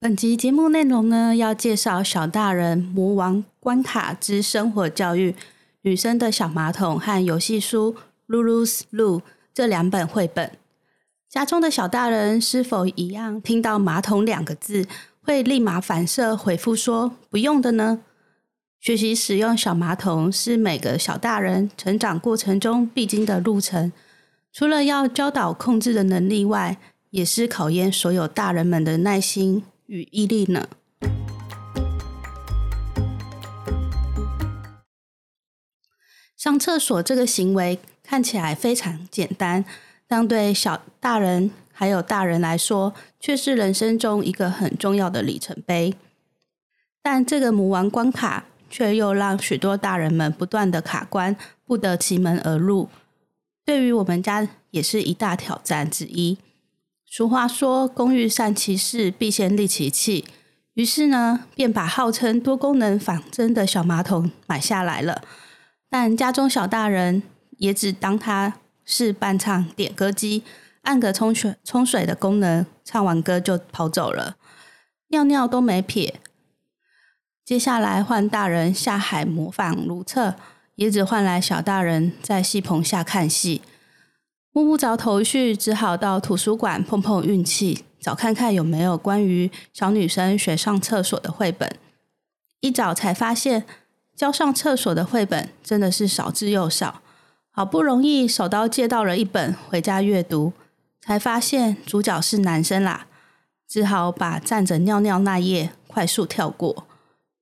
本集節目內容呢，要介紹小大人魔王關卡之生活教育、女生的小馬桶和遊戲書《Lulu's Loo》這兩本繪本。家中的小大人是否一樣，聽到“馬桶”兩個字，會立馬反射回復說“不用”的呢？學習使用小馬桶是每個小大人成長過程中必經的路程，除了要教導控制的能力外，也是考驗所有大人們的耐心。與毅力呢？上廁所這個行為看起來非常簡單，但對小大人還有大人來說，卻是人生中一個很重要的里程碑。但這個魔王關卡，卻又讓許多大人們不斷的卡關，不得其門而入，對於我們家，也是一大挑戰之一。俗話說“工欲善其事，必先利其器”。於是呢，便把號稱多功能仿真的小馬桶買下來了。但家中小大人也只當它是伴唱點歌機，按個沖水沖水的功能，唱完歌就跑走了，尿尿都沒撇。接下來換大人下海模仿如廁，也只換來小大人在戲棚下看戲。摸不着頭緒，只好到圖書館碰碰運氣，找看看有沒有關於小女生學上廁所的繪本。一找才發現，教上廁所的繪本真的是少之又少。好不容易手刀借到了一本回家閱讀，才發現主角是男生啦，只好把站着尿尿那頁快速跳過。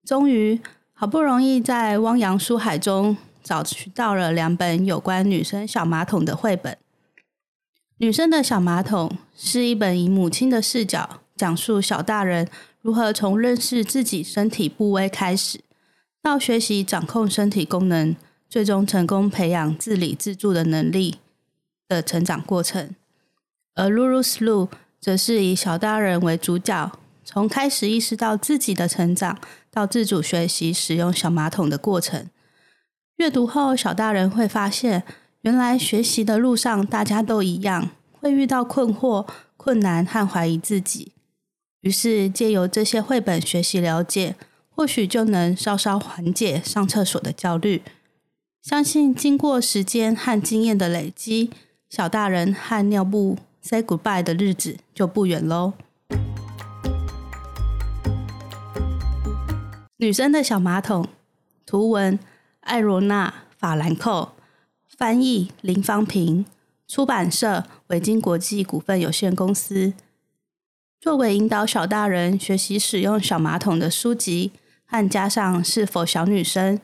終於好不容易在汪洋書海中找到了兩本有關女生小馬桶的繪本。女生的小馬桶是一本以母親的視角講述小大人如何從認識自己身體部位開始，到學習掌控身體功能，最終成功培養自理自助的能力的成長過程。而 Lulu's Loo 則是以小大人為主角，從開始意識到自己的成長，到自主學習使用小馬桶的過程。閱讀後，小大人會發現。原來學習的路上，大家都一樣，會遇到困惑、困難和懷疑自己。於是借由這些繪本學習了解，或許就能稍稍緩解上廁所的焦慮。相信經過時間和經驗的累積，小大人和尿布 say goodbye 的日子就不遠嘍。女生的小馬桶，圖文艾羅娜、法蘭蔻。翻譯林芳平，出版社維京國際股份有限公司。作為引導小大人學習使用小馬桶的書籍，按加上是否小女生，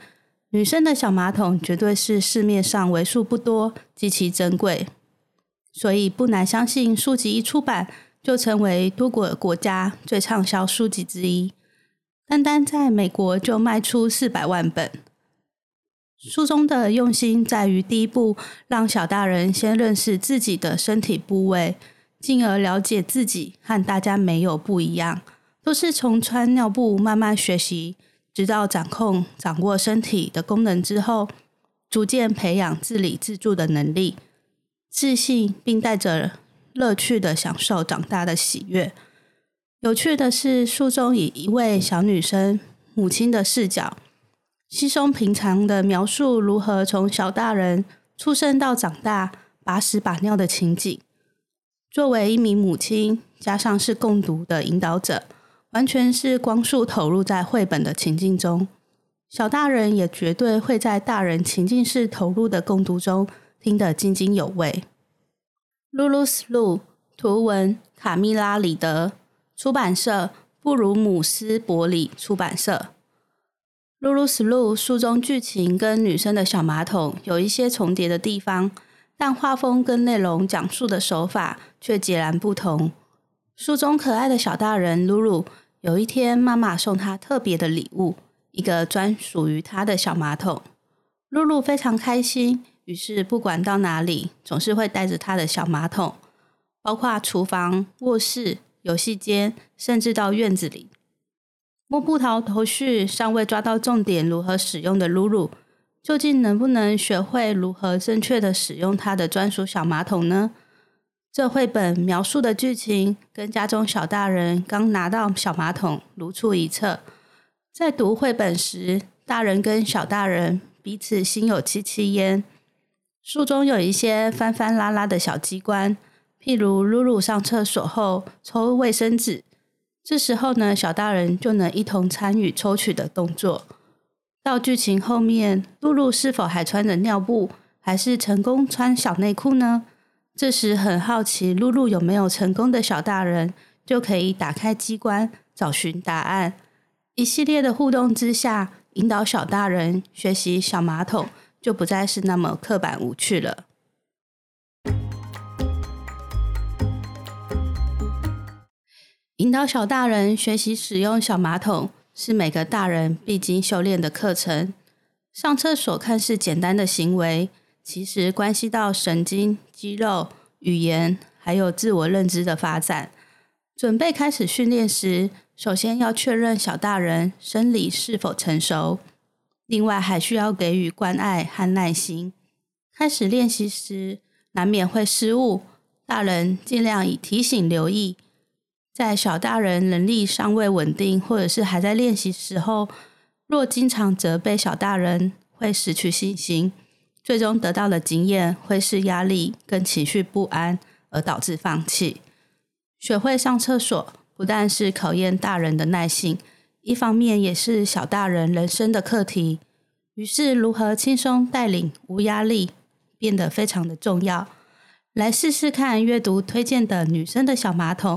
女生的小馬桶絕對是市面上為數不多、極其珍貴，所以不難相信，書籍一出版就成為多個國，國家最暢銷書籍之一，單單在美國就賣出四百萬本。書中的用心在於第一步，讓小大人先認識自己的身體部位，進而了解自己和大家沒有不一樣，都是從穿尿布慢慢學習，直到掌控掌握身體的功能之後，逐漸培養自理自助的能力，自信並帶着樂趣的享受長大的喜悅。有趣的是，書中以一位小女生母親的視角，稀鬆平常的描述如何從小大人出生到長大把屎把尿的情景。作為一名母親，加上是共讀的引導者，完全是光速投入在繪本的情境中。小大人也絕對會在大人情境式投入的共讀中聽得津津有味。Lulu's Loo 圖文卡蜜拉里德，出版社布魯姆斯伯里出版社。《Lulu's Loo》書中劇情跟女生的小馬桶有一些重疊的地方，但畫風跟內容講述的手法卻截然不同。書中可愛的小大人露露，有一天媽媽送她特別的禮物——一個專屬於她的小馬桶。露露非常開心，於是不管到哪裡，總是會帶着她的小馬桶，包括廚房、臥室、遊戲間，甚至到院子裡。摸不着頭緒，尚未抓到重點。如何使用的露露，究竟能不能學會如何正確的使用她的專屬小馬桶呢？這繪本描述的劇情，跟家中小大人剛拿到小馬桶如出一轍。在讀繪本時，大人跟小大人彼此心有戚戚焉。書中有一些翻翻拉拉的小機關，譬如露露上廁所後抽衛生紙。這時候呢，小大人就能一同參與抽取的動作。到劇情後面，露露是否還穿着尿布，還是成功穿小內褲呢？這時很好奇露露有沒有成功的小大人，就可以打開機關找尋答案。一系列的互動之下，引導小大人學習小馬桶，就不再是那麼刻板無趣了。引導小大人學習使用小馬桶是每個大人必經修煉的課程。上廁所看似簡單的行為，其實關係到神經、肌肉、語言，還有自我認知的發展。準備開始訓練時，首先要確認小大人生理是否成熟，另外還需要給予關愛和耐心。開始練習時，難免會失誤，大人儘量以提醒留意。在小大人能力尚未穩定，或者是還在練習時候，若經常責備小大人，會失去信心，最終得到的經驗會是壓力跟情緒不安，而導致放棄。學會上廁所不但是考驗大人的耐性，一方面也是小大人人生的課題。於是，如何輕鬆帶領無壓力，變得非常的重要。來試試看閱讀推薦的《女生的小馬桶》。